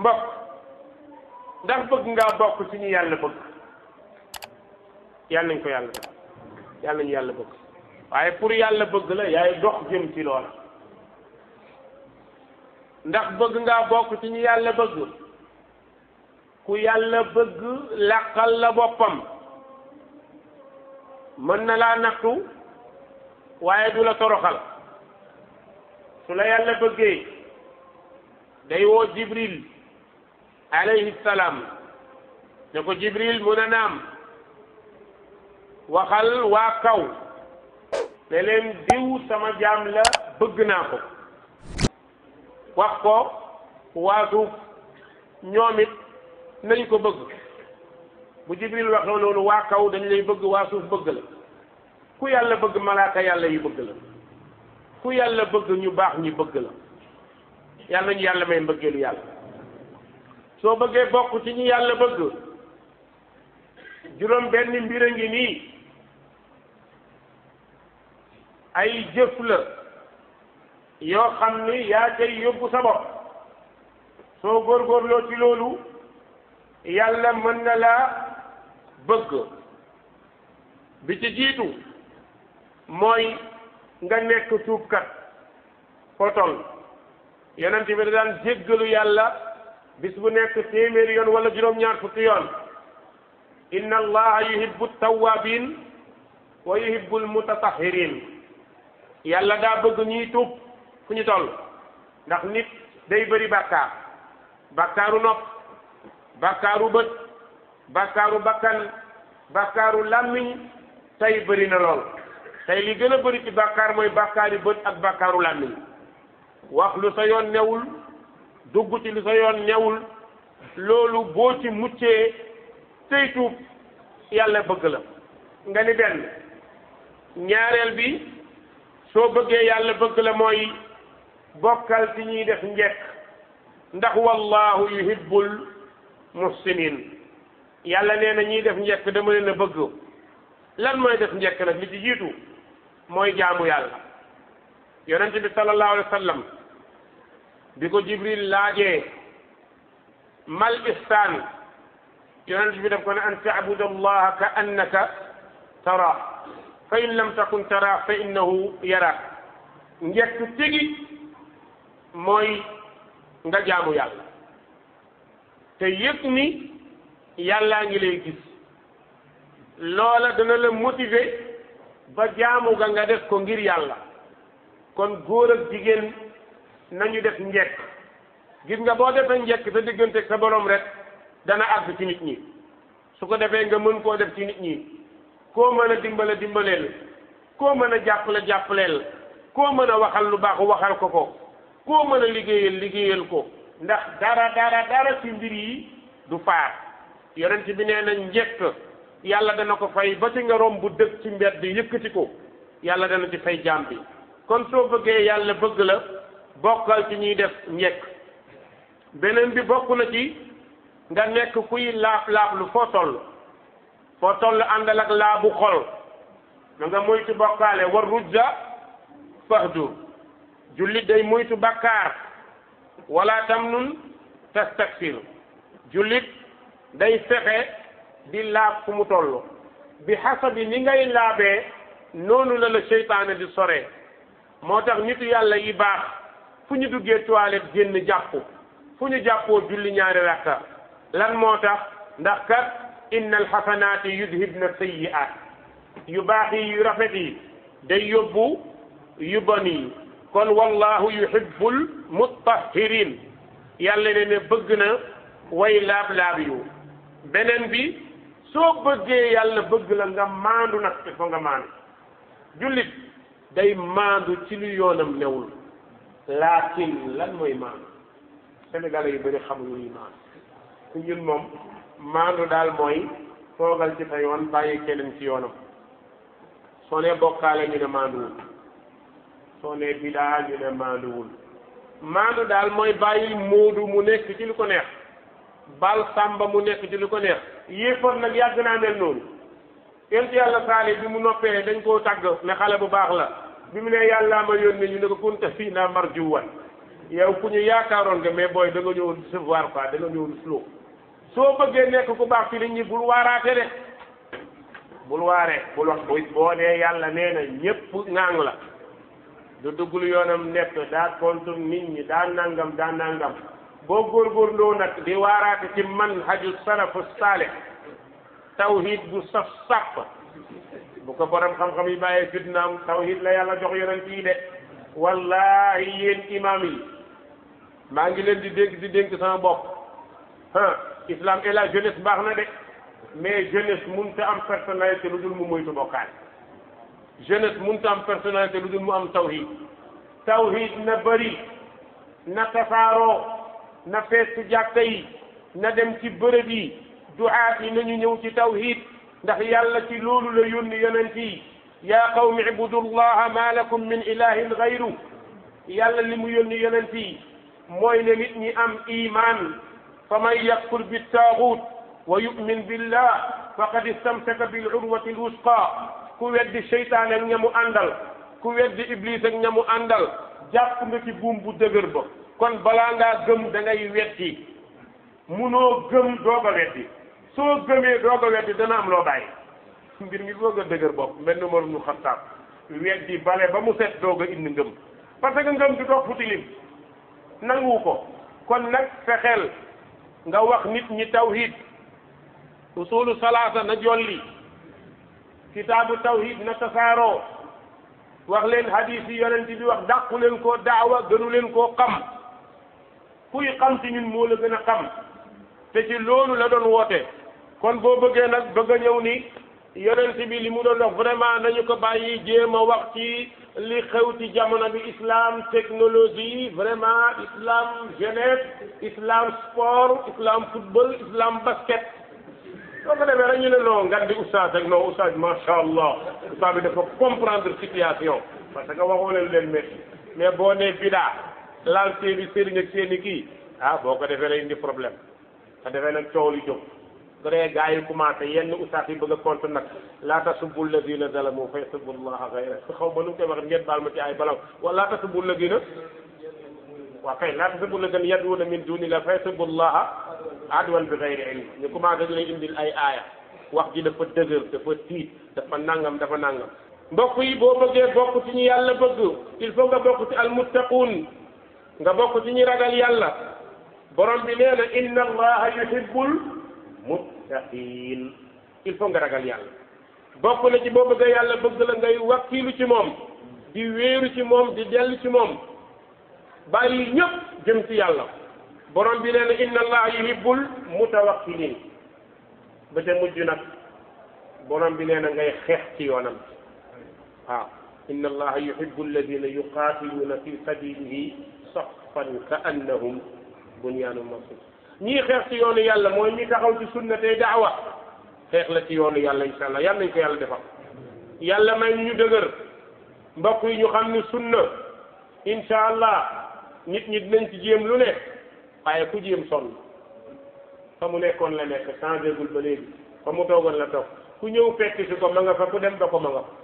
mbokk ndax bëgg ngaa bokk ci ñu yàlla bëgg yàlla nañ ko yàlla def yàlla nañu yàlla bëgg waaye pour yàlla bëgg la yaay dox jëm ci lool ndax bëgg nga bokk ci ñu yàlla bëgg ku yàlla bëgg làqal la boppam mën na laa nattu waaye du la toroxal su la yàlla bëggee day woo jibril alayhi salaam ne ko jibril mun a naam waxal waa kaw ne diw sama jaam la bëgg naa ko wax ko waa suuf ñoom it nañ ko bëgg bu jibril waxee loolu waa kaw dañ lay bëgg waa suuf bëgg la ku yàlla bëgg malaaka yàlla yi bëgg la ku yàlla bëgg ñu baax ñu bëgg la yàlla ñu yàlla may mbëggeelu yàlla soo bëggee bokk ci ñi yàlla bëgg juróom benn mbir a ngi nii ay jëf la yoo xam ni yaa cay yóbbu sa bopp soo góorgóorloo ci loolu yàlla mën na laa bëgg bi ci jiitu mooy nga nekk tuubkat fotol yonent bi da daan jéggalu yàlla bis bu nekk téeméeri yoon wala juróom-ñaar fukki yoon inna allaha yuhibbu tawabin wa yuhibbu almutatahirin yàlla daa bëgg ñuy tuub fu ñu toll ndax nit day bëri bàkkaar bàkkaaru nopp bàkkaaru bët bàkkaaru bakkan bàkkaaru làmmiñ tey bëri na lool tey li gën a bëri ci bàkkaar mooy bàkkaari bët ak bàkkaaru làmmiñ wax lu sa yoon newul dugg ci li sa yoon ñawul loolu boo ci muccee tey tuub yàlla bëgg la nga ni benn ñaareel bi soo bëggee yàlla bëgg la mooy bokkal ci ñuy def njekk ndax wallahu yuhibbul muhsinin yàlla nee na ñiy def njekk dama leen a bëgg lan mooy def njekk nag li ci jiitu mooy jaamu yàlla yonent bi sallallahu alayhi wa bi ko jibril laajee mal ihsaan yonent bi def ko ne an taabuda allaha ka annaka tara fa in lam takun tara fa innahu yara njekk tigi mooy nga jaamu yàlla te yëg ni yàllaa ngi lay gis loola dana la motiver ba jaamu ga nga def ko ngir yàlla kon góor jigéen nañu def njekk gis nga boo defee njekk sa diggante sa boroom rek dana àgg ci nit ñi su ko defee nga mën koo def ci nit ñi koo mën a dimbale dimbaleel koo mën a jàppale jàppaleel koo mën a waxal lu baax waxal ko ko koo mën a liggéeyal liggéeyal ko ndax dara dara dara ci mbir yi du faar yonent bi nee na njekk yàlla dana ko fay ba ci nga romb dëkk ci mbedd yëkkati ko yàlla dana ci fay jaam bi kon soo bëggee yàlla bëgg la bokkal ci ñuy def njekk beneen bi bokk na ci nga nekk kuy laab-laab lu foo toll foo toll àndal ak laabu xol na nga moytu bokkaale war rujja fahdu jullit day moytu bakkaar wala tam nun tastakfir jullit day fexe di laab fu mu toll bi xasabi ni ngay laabee noonu la la seytaane di sore moo tax nitu yàlla yi baax fu ñu duggee toilette génn jàpp fu ñu jàppoo julli ñaari rakka lan moo tax ndax kat inna alxasanaati yudhibna sayyi'aat yu baax yi yu rafet yi day yóbbu yu bon yi kon wallahu yuhibbul mutahhirin yàlla ne ne bëgg na way laab-laab yu beneen bi soo bëggee yàlla bëgg la nga maandu nag te ko nga maandu jullit day maandu ci lu yoonam newul Lakil, lak mwen man, seme gale yu bwene chabu mwen man. Kou yon moun, mando dal mwen, pou galti fayon, baye kenen siyon. Son e bokale yon e mandoun. Son e bidal yon e mandoun. Mando dal mwen bayi moudou mounen ki ti lukonek. Balsamba mounen ki ti lukonek. Yefot nal yak jenan men nou. Ente al lakale, di moun apen, denkotak, mek ale pou bakla. bi mu ne yàllaa ma yónnee ñu ne ko kunta fii naa marjuwan yow ku ñu yaakaaroon nga mais booy da nga ñëwoon recevoir quoi da nga soo bëggee nekk ku baax fi nit ñi bul waaraate de bul waaree bul wax boo dee yàlla nee na ñépp ŋaang la du duggul yoonam nekk daa kontu nit ñi daa nangam daa nangam boo góorgóorloo nag di waaraate ci man haju salafu saalih tawhid bu saf sàpp bu ko borom xam-xam yi bàyyee fitnaam tawhid la yàlla jox yonent yi de wallahi yéen imam yi ma ngi len di deg di dénk sama bopp ah islam et la jeunesse baax na de mais jeunesse mënta am personnalité ludul mu moytu bokal jeunesse mënta am personnalité ludul mu am tawhid tawhid na bari na tafaro na fess ci jàkka na dem ci bërëb yi duaat yi nañu ñëw ci tawhid ndax yàlla ci loolu la yónni yonent yi yaa qawmi ibudullaha ma lakum min ilahin gayru yàlla li mu yónni yonent yi mooy ne nit ñi am iman fa man yakfur bi taaxuut wa yumin billah faqad istamsaka bil urwati lwusqa ku weddi seytaane ak ñamu àndal ku weddi iblis ak ñamu àndal jàpp nga ci buum bu dëgër ba kon balaa ngaa gëm da ngay weddi munoo gëm doog a weddi soo gëmee doog ko weddi dana am loo bàyyi mbir mi doog a dëgër bopp mel ni Umar ibn Xattaab weddi bale ba mu set doog a indi ngëm parce que ngëm du ko fu tilim nanguwu ko kon nag fexeel nga wax nit ñi tawhid usulu salaasa na jolli kitaabu tawhid na tasaaroo wax leen hadis yi yonent bi wax dàqu leen koo daawa gënu leen koo xam kuy xam ci ñun moo la gën a xam te ci loolu la doon wootee kon boo bëggee nag bëgg a ñëw ni yonent biir li mu doon wax vraiment nañu ko bàyyi jéem a wax ci li xew ci jamono bi islam technologie vraiment islam jeunesse islam sport islam football islam basket. soo ko demee rek ñu ne non ngan di oustaz rek non oustaz macha allah oustaz bi dafa comprendre situation parce que waxoo leen leen métti mais boo nee bidaa laal seeni sëriñ ak seeni kii ah boo ko defee rek indi problème te defee nag coow li jóg. bu dee gars yi commencé yenn ustaas yi bëgg a compte nag laata subbu lazina zalamu fa yasubbu llaha xayra xaw ma nu mu koy wax ngeen baal ma ci ay balaw wala laata subbu lazina waaw kay laata subbu lazina yaduna min duni la fa yasubbu llaha adwan bi xayri ilm ñu commencé di lay indil ay aaya wax ji dafa dëgër dafa tiit dafa nangam dafa nangam mbokk yi boo bëggee bokk ci ñu yàlla bëgg il faut nga bokk ci almuttaquun nga bokk ci ñu ragal yàlla borom bi nee na inna allaha yuhibbul muttaqin il faut nga ragal yàlla bokk na ci boo bëgg yàlla bëgg la ngay wakkiilu ci moom di wéeru ci moom di dellu ci moom bàyyi ñëpp jëm ci yàlla borom bi nee na inna allaha yuhibbul mutawakkilin ba ca mujj nag borom bi nee na ngay xeex ci yoonam waaw inna allaha yuhibbu yu yuqaatiluuna fi sabilihi saffan ka annahum bunyaanun marsuus ñii xeex ci yoonu yàlla mooy ñi taxaw ci sunna tey daawa xeex la ci yoonu yàlla insha allah yàlla nañ ko yàlla defal yàlla may ñu dëgër mbokk yi ñu xam ni sunna insha allah nit ñi nañ ci jéem lu ne waaye ku jéem sonn fa mu nekkoon la nekk changé gul ba léegi fa mu toogoon la toog ku ñëw fekk si ko ma nga fa ku dem ba ko ma nga fa